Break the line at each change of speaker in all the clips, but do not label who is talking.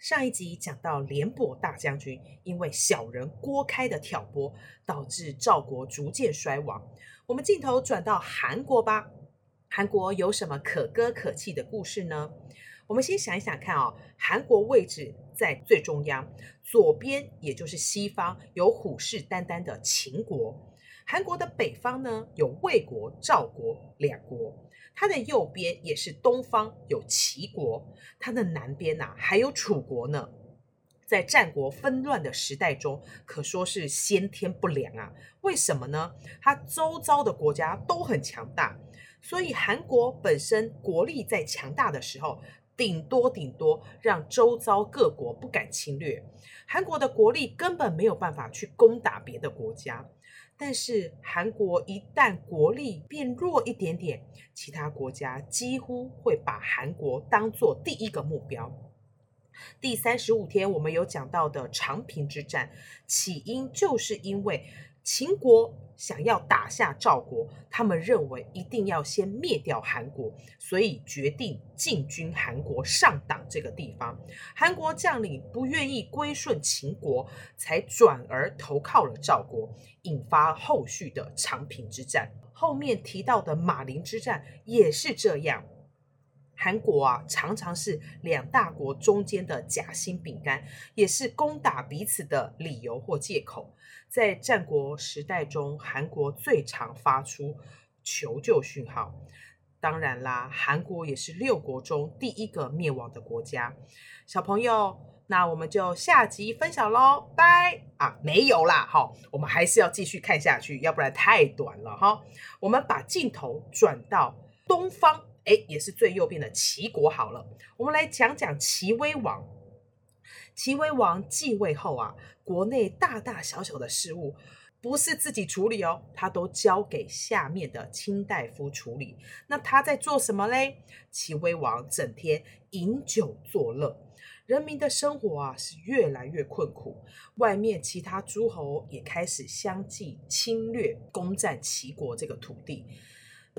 上一集講到廉頗大將軍，因為小人郭開的挑撥，導致趙國逐漸衰亡。我們鏡頭轉到韓國吧。韓國有什麼可歌可泣的故事呢？我們先想一想看哦。韓國位置在最中央，左邊也就是西方，有虎視眈眈的秦國，韓國的北方呢，有魏國、趙國兩國。它的右邊也是東方，有齊國，它的南邊吶、啊、還有楚國呢。在戰國紛亂的時代中，可說是先天不良啊。為什麼呢？它周遭的國家都很強大，所以韓國本身國力在強大的時候，頂多頂多讓周遭各國不敢侵略。韓國的國力根本沒有辦法去攻打別的國家。但是韓國一旦國力變弱一點點，其他國家幾乎會把韓國當做第一個目標。第三十五天，我們有講到的長平之戰，起因就是因為。秦國想要打下趙國，他們認為一定要先滅掉韓國，所以決定進軍韓國上黨這個地方。韓國將領不願意歸順秦國，才轉而投靠了趙國，引發後續的長平之戰。後面提到的馬陵之戰也是這樣。韓國啊，常常是兩大國中間的夾心餅乾，也是攻打彼此的理由或借口。在戰國時代中，韓國最常發出求救訊號。當然啦，韓國也是六國中第一個滅亡的國家。小朋友，那我們就下集分享嘍，拜！啊，沒有啦，好，我們還是要繼續看下去，要不然太短了哈。我們把鏡頭轉到東方。哎，也是最右邊的齊國好了。我們來講講齊威王。齊威王繼位後啊，國內大大小小的事務不是自己處理哦，他都交給下面的卿大夫處理。那他在做什麼嘞？齊威王整天飲酒作樂，人民的生活啊是越來越困苦。外面其他諸侯也開始相繼侵略攻占齊國這個土地。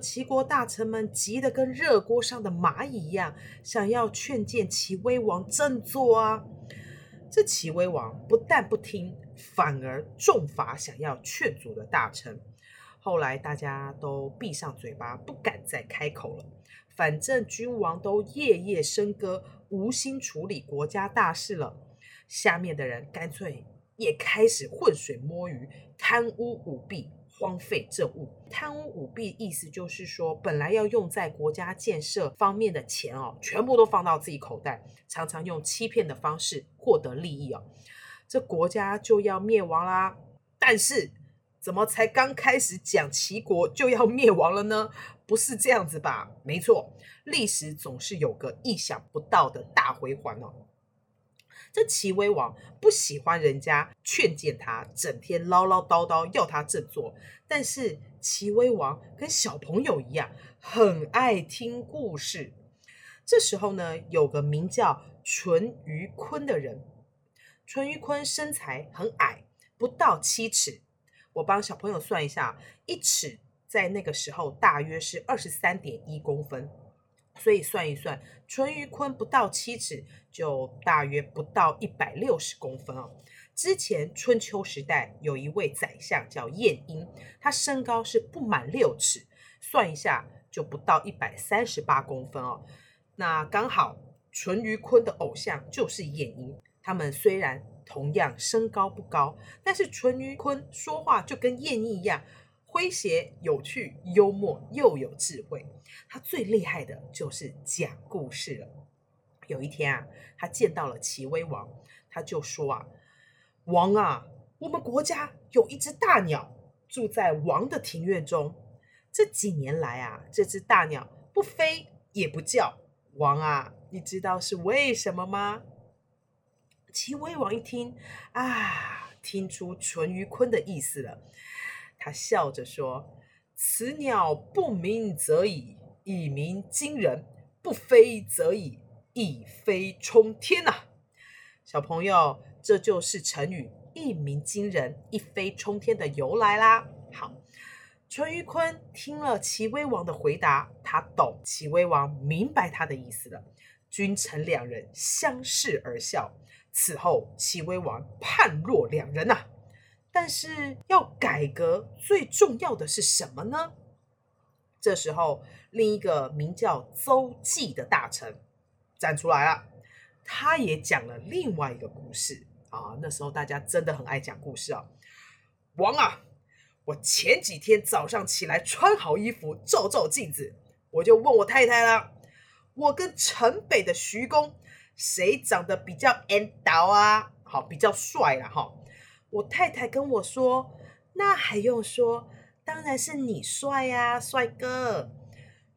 齊國大臣們急得跟熱鍋上的螞蟻一樣，想要勸諫齊威王振作啊！這齊威王不但不聽，反而重罰想要勸阻的大臣。後來大家都閉上嘴巴，不敢再開口了。反正君王都夜夜笙歌，無心處理國家大事了。下面的人乾脆也開始渾水摸魚，貪污舞弊。荒廢政務、貪污舞弊，意思就是說，本來要用在國家建設方面的錢哦，全部都放到自己口袋，常常用欺騙的方式獲得利益哦，這國家就要滅亡啦。但是，怎麼才剛開始講齊國就要滅亡了呢？不是這樣子吧？沒錯，歷史總是有個意想不到的大回環哦。這齊威王不喜歡人家勸諫他，整天嘮嘮叨叨要他振作。但是齊威王跟小朋友一樣，很愛聽故事。這時候呢，有個名叫淳於髡的人，淳於髡身材很矮，不到七尺。我幫小朋友算一下，一尺在那個時候大約是二十三點一公分。所以算一算，淳於髡不到七尺，就大約不到一百六十公分哦。之前春秋時代有一位宰相叫晏嬰，他身高是不滿六尺，算一下就不到一百三十八公分哦。那剛好淳於髡的偶像就是晏嬰，他們雖然同樣身高不高，但是淳於髡說話就跟晏嬰一樣。詼諧、有趣、幽默又有智慧，他最厲害的就是講故事了。有一天啊，他見到了齊威王，他就說啊：“王啊，我們國家有一隻大鳥，住在王的庭院中。這幾年來啊，這隻大鳥不飛也不叫。王啊，你知道是為什麼嗎？”齊威王一聽啊，聽出淳於髡的意思了。他笑着說：“此鳥不鳴則已，一鳴驚人；不飛則已，一飛衝天吶！小朋友，這就是成語‘一鳴驚人’‘一飛衝天’的由來啦。”好，淳於髡聽了齊威王的回答，他懂，齊威王明白他的意思了。君臣兩人相視而笑。此後，齊威王判若兩人吶。但是要改革，最重要的是什麼呢？這時候，另一個名叫鄒忌的大臣站出來了，他也講了另外一個故事啊。那時候大家真的很愛講故事啊。王啊，我前幾天早上起來，穿好衣服，照照鏡子，我就問我太太了：我跟城北的徐公，誰長得比較 man 道啊？好，比較帥啊，哈。我太太跟我說：“那還用說？當然是你帥呀，帥哥！”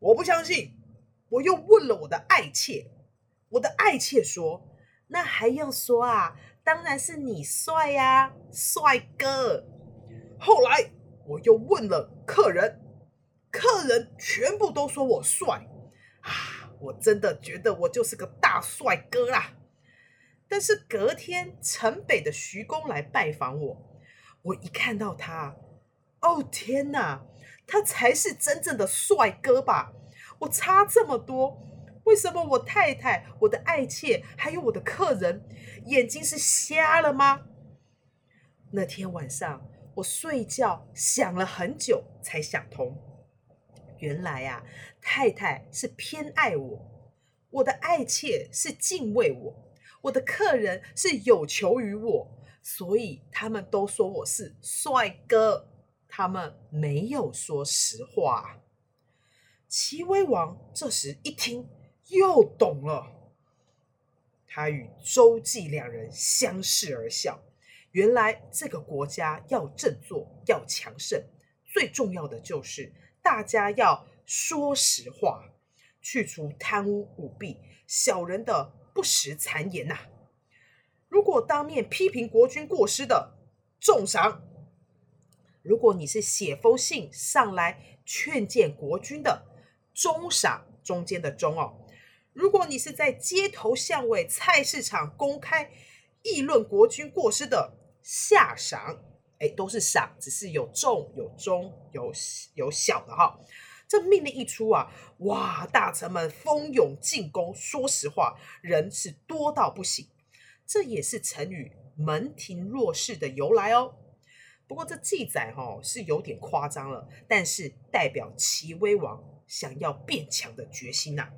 我不相信，我又問了我的愛妾，我的愛妾說：“那還用說啊？當然是你帥呀，帥哥！”後來我又問了客人，客人全部都說我帥啊！我真的覺得我就是個大帥哥啦。但是隔天，城北的徐公來拜訪我，我一看到他，哦天哪，他才是真正的帥哥吧？我差這麼多，為什麼我太太、我的愛妾還有我的客人眼睛是瞎了嗎？那天晚上我睡覺想了很久，才想通，原來呀，太太是偏愛我，我的愛妾是敬畏我。我的客人是有求於我，所以他們都說我是帥哥。他們沒有說實話。齊威王這時一聽，又懂了。他與鄒忌兩人相視而笑。原來這個國家要振作，要強盛，最重要的就是大家要說實話。去除貪污舞弊小人的不實讒言吶、啊！如果當面批評國君過失的，重賞；如果你是寫封信上來勸諫國君的，中賞；中間的中哦；如果你是在街頭巷尾、菜市場公開議論國君過失的，下賞。哎、欸，都是賞，只是有重、有中、有有小的哈、哦。這命令一出啊，哇！大臣們蜂擁進宮。說實話，人是多到不行，這也是成語“門庭若市”的由來哦。不過這記載哈、哦、是有點誇張了，但是代表齊威王想要變強的決心吶、啊。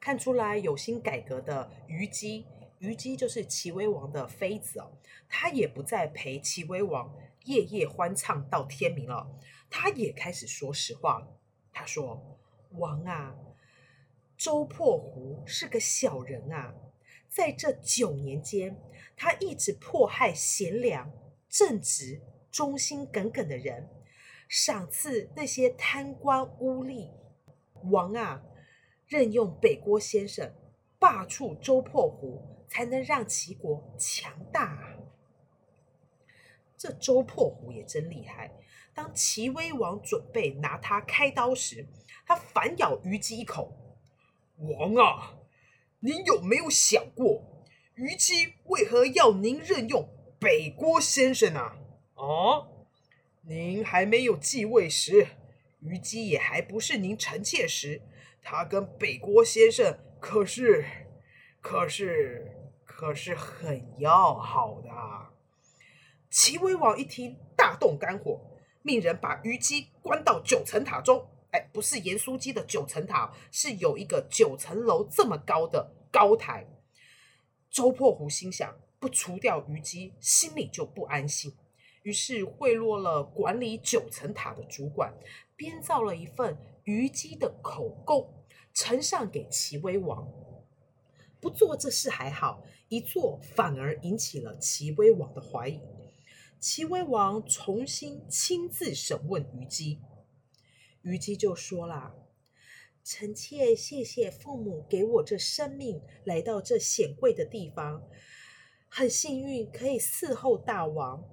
看出來有心改革的虞姬。虞姬就是齊威王的妃子哦，她也不再陪齊威王夜夜歡唱到天明了。她也開始說實話了。她說：“王啊，周破胡是個小人啊，在這九年間，他一直迫害賢良、正直、忠心耿耿的人，賞賜那些貪官污吏。王啊，任用北郭先生。”罷黜周破虎，才能讓齊國強大啊！這周破虎也真厲害。當齊威王準備拿他開刀時，他反咬虞姬一口：“王啊，您有沒有想過，虞姬為何要您任用北郭先生啊？哦、啊，您還沒有繼位時，虞姬也還不是您臣妾時，他跟北郭先生。”可是，可是，可是很要好的啊。齊威王一聽，大動肝火，命人把虞姬關到九層塔中。哎，不是鹽酥雞的九層塔，是有一個九層樓這麼高的高台。周破胡心想，不除掉虞姬，心裡就不安心。於是賄賂了管理九層塔的主管，編造了一份虞姬的口供。呈上給齊威王，不做這事還好，一做反而引起了齊威王的懷疑。齊威王重新親自審問虞姬，虞姬就說了：“臣妾謝謝父母給我這生命，來到這顯貴的地方，很幸運可以伺候大王。”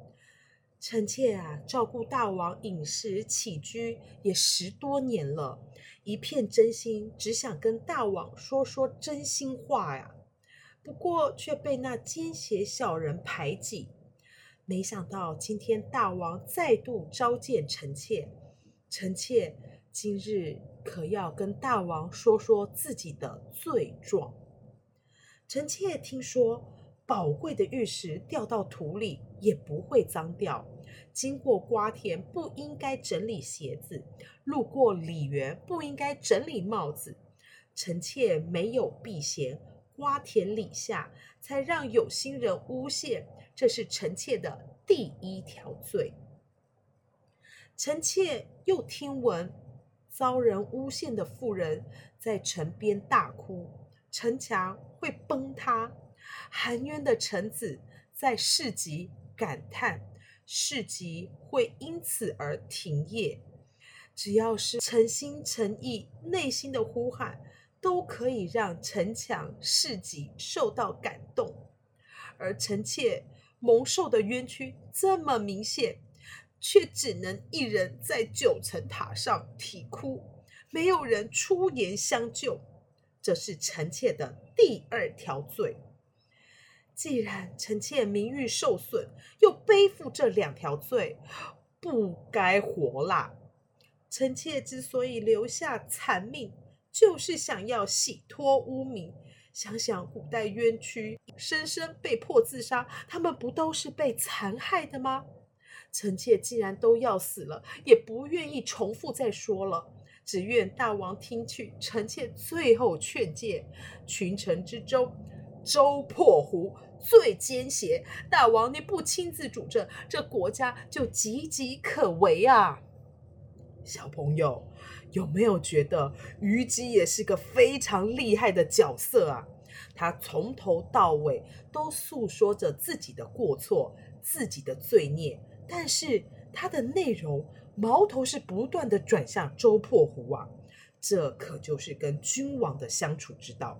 臣妾啊，照顧大王飲食起居也十多年了，一片真心，只想跟大王說說真心話呀。不過卻被那奸邪小人排擠，沒想到今天大王再度召見臣妾，臣妾今日可要跟大王說說自己的罪狀。臣妾聽說。寶貴的玉石掉到土裡也不會髒掉。經過瓜田不應該整理鞋子，路過李園不應該整理帽子。臣妾沒有避嫌，瓜田李下才讓有心人誣陷，這是臣妾的第一條罪。臣妾又聽聞，遭人誣陷的婦人在城邊大哭，城牆會崩塌。含冤的臣子在市集感嘆，市集會因此而停業。只要是誠心誠意、內心的呼喊，都可以讓城牆、市集受到感動。而臣妾蒙受的冤屈這麼明顯，卻只能一人在九層塔上啼哭，沒有人出言相救。這是臣妾的第二條罪。既然臣妾名譽受損，又背負這兩條罪，不該活啦。臣妾之所以留下殘命，就是想要洗脫污名。想想古代冤屈，生生被迫自殺，他們不都是被殘害的嗎？臣妾既然都要死了，也不願意重複再說了。只願大王聽取臣妾最後勸誡，群臣之中。周破胡最奸邪，大王你不親自主政，這國家就岌岌可危啊！小朋友，有沒有覺得虞姬也是個非常厲害的角色啊？他從頭到尾都訴說着自己的過錯、自己的罪孽，但是他的內容矛頭是不斷地轉向周破胡啊，這可就是跟君王的相處之道。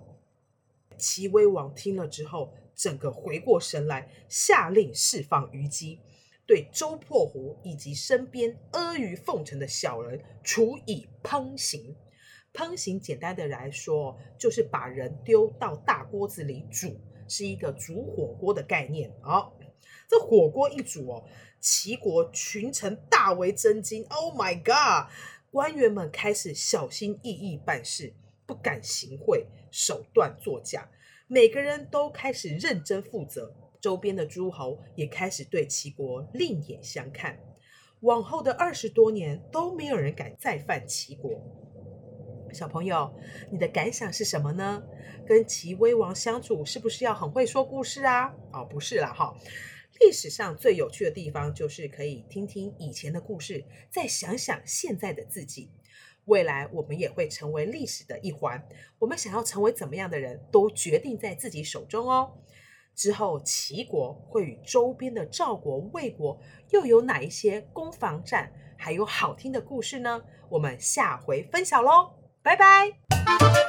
齊威王聽了之後，整個回過神來，下令釋放虞姬，對周破胡以及身邊阿諛奉承的小人處以烹刑。烹刑簡單的來說，就是把人丟到大鍋子裡煮，是一個煮火鍋的概念。好、哦，這火鍋一煮哦，齊國群臣大為震驚，Oh my god！官員們開始小心翼翼辦事。不敢行賄，手段作假，每個人都開始認真負責，周邊的諸侯也開始對齊國另眼相看。往後的二十多年都沒有人敢再犯齊國。小朋友，你的感想是什麼呢？跟齊威王相處是不是要很會說故事啊？哦，不是啦哈，歷史上最有趣的地方就是可以聽聽以前的故事，再想想現在的自己。未來我們也會成為歷史的一環。我們想要成為怎麼樣的人都決定在自己手中哦。之後齊國會與周邊的趙國、魏國又有哪一些攻防戰？還有好聽的故事呢？我們下回分享嘍，拜拜。